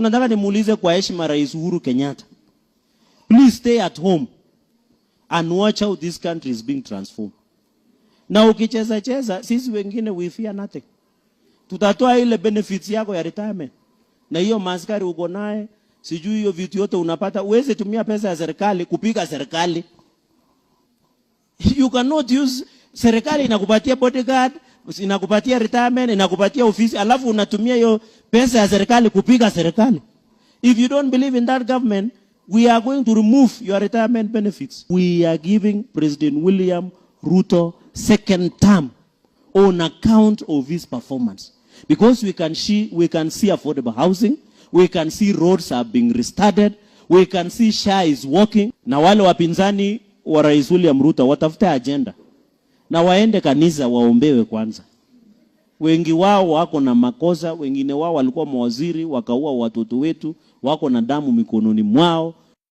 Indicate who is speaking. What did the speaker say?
Speaker 1: Nataka nimuulize kwa heshima Rais Uhuru Kenyatta. Please stay at home and watch how this country is being transformed. Na ukicheza cheza, sisi wengine we fear nothing. Tutatoa ile benefits yako ya retirement. Na hiyo maskari uko naye, sijui hiyo vitu yote unapata, uweze tumia pesa ya serikali kupiga serikali. You cannot use serikali inakupatia bodyguard, inakupatia retirement, inakupatia ofisi, alafu unatumia hiyo pesa ya serikali kupiga serikali. If you don't believe in that government, we are going to remove your retirement benefits. We are giving President William Ruto second term on account of his performance. Because we can see, we can see affordable housing, we can see roads are being restarted, we can see SHA is working. Na wale wapinzani wa Rais William Ruto watafute agenda na waende kanisa waombewe kwanza. Wengi wao wako na makosa, wengine wao walikuwa mawaziri wakaua watoto wetu, wako na damu mikononi mwao,